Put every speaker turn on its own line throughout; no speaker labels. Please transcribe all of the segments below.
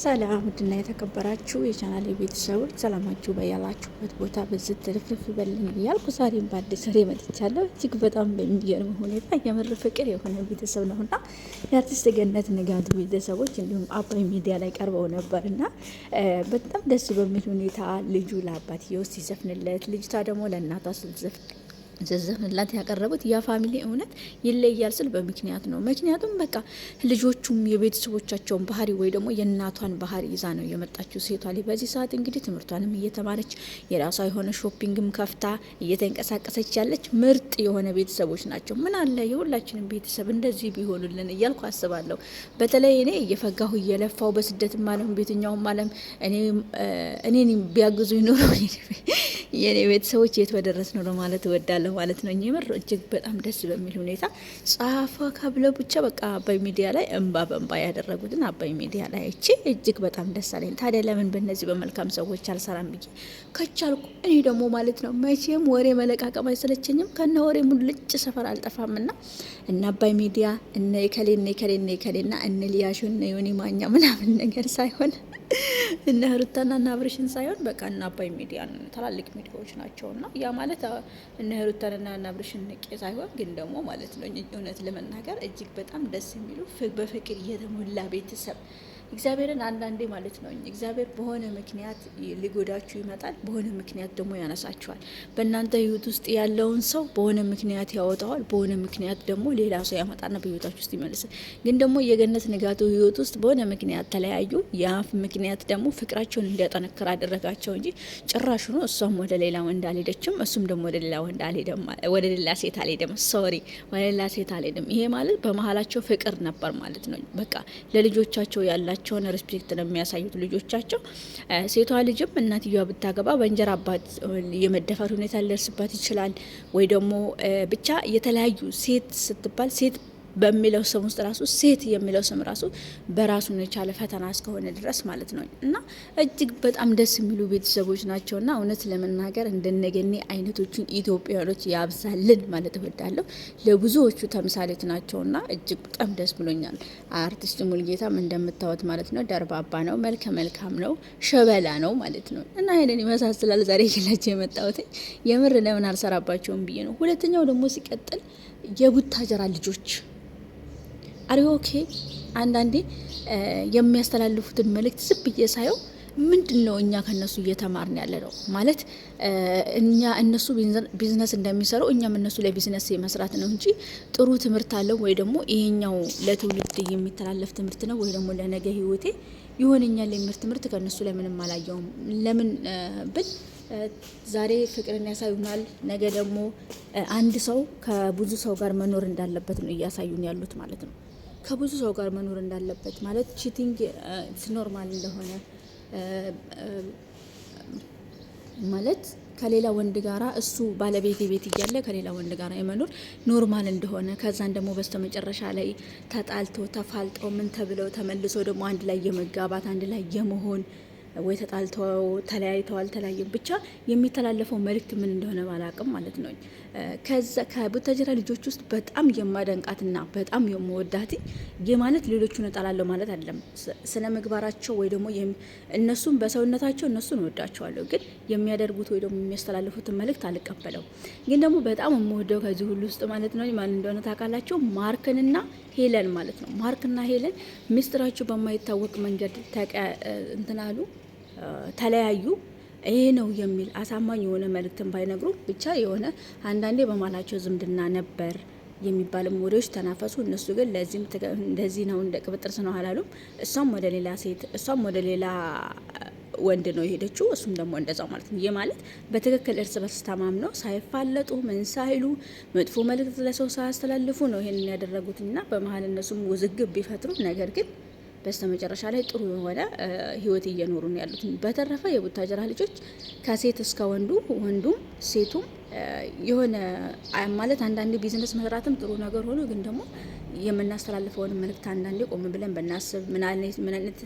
ሰላም ውድና የተከበራችሁ የቻናል ቤተሰቦች ሰላማችሁ በያላችሁበት ቦታ በዝት ትርፍርፍ በልን እያልኩ ዛሬም በአዲስ ስሬ መጥቻለሁ። እጅግ በጣም በሚገርም ሁኔታ የምር ፍቅር የሆነ ቤተሰብ ነው እና የአርቲስት ገነት ንጋቱ ቤተሰቦች እንዲሁም አባይ ሚዲያ ላይ ቀርበው ነበር እና በጣም ደስ በሚል ሁኔታ ልጁ ለአባትየው ሲዘፍንለት፣ ልጅቷ ደግሞ ለእናቷ ስትዘፍን ዘዘፍንላት ያቀረቡት ያ ፋሚሊ እውነት ይለያል ስል በምክንያት ነው። ምክንያቱም በቃ ልጆቹም የቤተሰቦቻቸውን ባህሪ ወይ ደግሞ የእናቷን ባህሪ ይዛ ነው የመጣችው ሴቷ በዚህ ሰዓት እንግዲህ ትምህርቷንም እየተማረች የራሷ የሆነ ሾፒንግም ከፍታ እየተንቀሳቀሰች ያለች ምርጥ የሆነ ቤተሰቦች ናቸው። ምን አለ የሁላችንም ቤተሰብ እንደዚህ ቢሆኑልን እያልኩ አስባለሁ። በተለይ እኔ እየፈጋሁ እየለፋው በስደትም አለም ቤተኛውም አለም እኔን ቢያግዙ ይኖረው የኔ ቤተሰቦች የት በደረስ ነው ለማለት እወዳለሁ። አለሁ ማለት ነው። የምር እጅግ በጣም ደስ በሚል ሁኔታ ጸሐፏ ካብለ ብቻ በቃ አባይ ሚዲያ ላይ እንባ በእንባ ያደረጉትን አባይ ሚዲያ ላይ እቺ እጅግ በጣም ደስ አለኝ። ታዲያ ለምን በእነዚህ በመልካም ሰዎች አልሰራም ብዬ ከቻልኩ እኔ ደግሞ ማለት ነው መቼም ወሬ መለቃቀም አይሰለችኝም። ከነ ወሬ ሙልጭ ሰፈር አልጠፋም ና እነ አባይ ሚዲያ እነ የከሌ እነ የከሌ እነ የከሌ ና እነ ሊያሹ እነ ዮኒ ማኛ ምናምን ነገር ሳይሆን እነ ህሩታና እነ አብርሽን ሳይሆን በቃ እና አባይ ሚዲያ ነው። ሚዲያዎች ናቸው ና ያ ማለት እነ ሩታንና አብርሽን ንቄ ሳይሆን ግን ደግሞ ማለት ነው እውነት ለመናገር እጅግ በጣም ደስ የሚሉ በፍቅር የተሞላ ቤተሰብ እግዚአብሔርን አንዳንዴ ማለት ነው እግዚአብሔር በሆነ ምክንያት ሊጎዳችሁ ይመጣል። በሆነ ምክንያት ደግሞ ያነሳችኋል። በእናንተ ህይወት ውስጥ ያለውን ሰው በሆነ ምክንያት ያወጣዋል። በሆነ ምክንያት ደግሞ ሌላ ሰው ያመጣና በህይወታችሁ ውስጥ ይመልሳል። ግን ደግሞ የገነት ንጋቱ ህይወት ውስጥ በሆነ ምክንያት ተለያዩ። የአፍ ምክንያት ደግሞ ፍቅራቸውን እንዲያጠነክር አደረጋቸው እንጂ ጭራሽ ነው እሷም ወደ ሌላ ወንድ አልሄደችም፣ እሱም ደግሞ ወደ ሌላ ወንድ አልሄደም፣ ወደ ሌላ ሴት አልሄደም። ሶሪ ወደ ሌላ ሴት አልሄደም። ይሄ ማለት በመሀላቸው ፍቅር ነበር ማለት ነው። በቃ ለልጆቻቸው ያላቸው ያላቸውን ሪስፔክት ነው የሚያሳዩት ልጆቻቸው። ሴቷ ልጅም እናትየዋ ብታገባ በእንጀራ አባት የመደፈር ሁኔታ ሊደርስባት ይችላል ወይ ደግሞ ብቻ የተለያዩ ሴት ስትባል ሴት በሚለው ስም ውስጥ ራሱ ሴት የሚለው ስም ራሱ በራሱን የቻለ ፈተና እስከሆነ ድረስ ማለት ነው እና እጅግ በጣም ደስ የሚሉ ቤተሰቦች ናቸውና እውነት ለመናገር እንደነገኔ አይነቶቹን ኢትዮጵያኖች ያብዛልን ማለት እወዳለሁ። ለብዙዎቹ ተምሳሌት ናቸውና እጅግ በጣም ደስ ብሎኛል። አርቲስት ሙልጌታም እንደምታወት ማለት ነው ደርባባ ነው፣ መልከ መልካም ነው፣ ሸበላ ነው ማለት ነው እና ይህንን ይመሳስላል። ዛሬ ግላቸው የመጣወት የምር ለምን አልሰራባቸውም ብዬ ነው። ሁለተኛው ደግሞ ሲቀጥል የቡታጀራ ልጆች አሪኦኬ አንዳንዴ የሚያስተላልፉትን መልእክት ዝም ብዬ ሳየው ምንድን ነው እኛ ከነሱ እየተማርን ያለ ነው ማለት እኛ እነሱ ቢዝነስ እንደሚሰሩ እኛም እነሱ ላይ ቢዝነስ መስራት ነው እንጂ ጥሩ ትምህርት አለው ወይ ደግሞ ይሄኛው ለትውልድ የሚተላለፍ ትምህርት ነው ወይ ደግሞ ለነገ ህይወቴ ይሆነኛል የሚል ትምህርት ከእነሱ ላይ ምንም አላየውም። ለምን ብል ዛሬ ፍቅርን ያሳዩናል፣ ነገ ደግሞ አንድ ሰው ከብዙ ሰው ጋር መኖር እንዳለበት ነው እያሳዩን ያሉት ማለት ነው። ከብዙ ሰው ጋር መኖር እንዳለበት ማለት ቺቲንግ ኖርማል እንደሆነ ማለት ከሌላ ወንድ ጋራ እሱ ባለቤት ቤት እያለ ከሌላ ወንድ ጋራ የመኖር ኖርማል እንደሆነ ከዛን ደግሞ በስተ መጨረሻ ላይ ተጣልተው ተፋልጠው ምን ተብለው ተመልሶ ደግሞ አንድ ላይ የመጋባት አንድ ላይ የመሆን ወይ ተጣልተው ተለያይተዋል ተለያዩ ብቻ የሚተላለፈው መልእክት ምን እንደሆነ ባላቅም ማለት ነው። ከዛ ከቡታጀራ ልጆች ውስጥ በጣም የማደንቃትና በጣም የምወዳት ማለት ሌሎቹን እጣላለሁ ማለት አይደለም። ስነ ምግባራቸው ወይ ደግሞ እነሱም በሰውነታቸው እነሱን እወዳቸዋለሁ፣ ግን የሚያደርጉት ወይ ደግሞ የሚያስተላልፉትን መልእክት አልቀበለው። ግን ደግሞ በጣም የምወደው ከዚህ ሁሉ ውስጥ ማለት ነው ማን እንደሆነ ታውቃላቸው? ማርክንና ሄለን ማለት ነው። ማርክና ሄለን ሚስጥራቸው በማይታወቅ መንገድ ተቀ እንትናሉ ተለያዩ ይሄ ነው የሚል አሳማኝ የሆነ መልእክትን ባይነግሩ ብቻ የሆነ አንዳንዴ በማላቸው ዝምድና ነበር የሚባልም ወሬዎች ተናፈሱ። እነሱ ግን ለዚህም እንደዚህ ነው እንደ ቅብጥርስ ነው አላሉም። እሷም ወደ ሌላ ሴት እሷም ወደ ሌላ ወንድ ነው የሄደችው፣ እሱም ደግሞ እንደዛው ማለት ነው። ይህ ማለት በትክክል እርስ በርስ ተማምነው ሳይፋለጡ ምን ሳይሉ መጥፎ መልእክት ለሰው ሳያስተላልፉ ነው ይሄንን ያደረጉትና በመሀል እነሱም ውዝግብ ቢፈጥሩ ነገር ግን በስተ መጨረሻ ላይ ጥሩ የሆነ ህይወት እየኖሩ ነው ያሉት። በተረፈ የቡታጀራ ልጆች ከሴት እስከ ወንዱ ወንዱም ሴቱም የሆነ ማለት አንዳንድ ቢዝነስ መስራትም ጥሩ ነገር ሆኖ ግን ደግሞ የምናስተላልፈውን መልእክት አንዳንዴ ቆም ብለን በናስብ ምን አይነት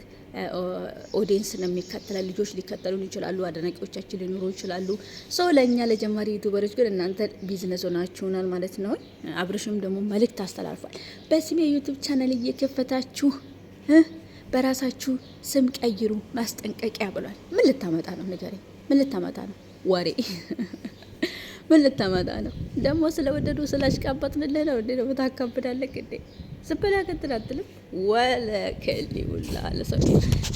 ኦዲየንስ ነው የሚከተለ ልጆች ሊከተሉን ይችላሉ፣ አድናቂዎቻችን ሊኖሩ ይችላሉ። ሰው ለእኛ ለጀማሪ ዩቱበሮች ግን እናንተ ቢዝነስ ሆናችሁናል ማለት ነው። አብርሽም ደግሞ መልእክት አስተላልፏል። በስሜ ዩቱብ ቻናል እየከፈታችሁ በራሳችሁ ስም ቀይሩ ማስጠንቀቂያ ብሏል። ምን ልታመጣ ነው? ንገረኝ። ምን ልታመጣ ነው? ወሬ ምን ልታመጣ ነው? ደግሞ ስለወደዱ ስላሽቃባጥንልህ ነው እንዴ? ነው ታካብዳለህ እንዴ? ስበላ ከትል አትልም። ከሊ ውላ ለሰው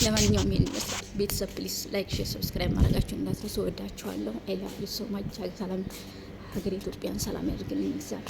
ለማንኛውም ይሄን ይመስላል። ቤተሰብ ፕሊስ ላይክ፣ ሼር፣ ሰብስክራይብ ማድረጋችሁ እንዳትረሱ። እወዳችኋለሁ። አይ ላቭ ዩ ሶ ማች። ሰላም ሀገር ኢትዮጵያን ሰላም ያድርግልኝ እግዚአብሔር።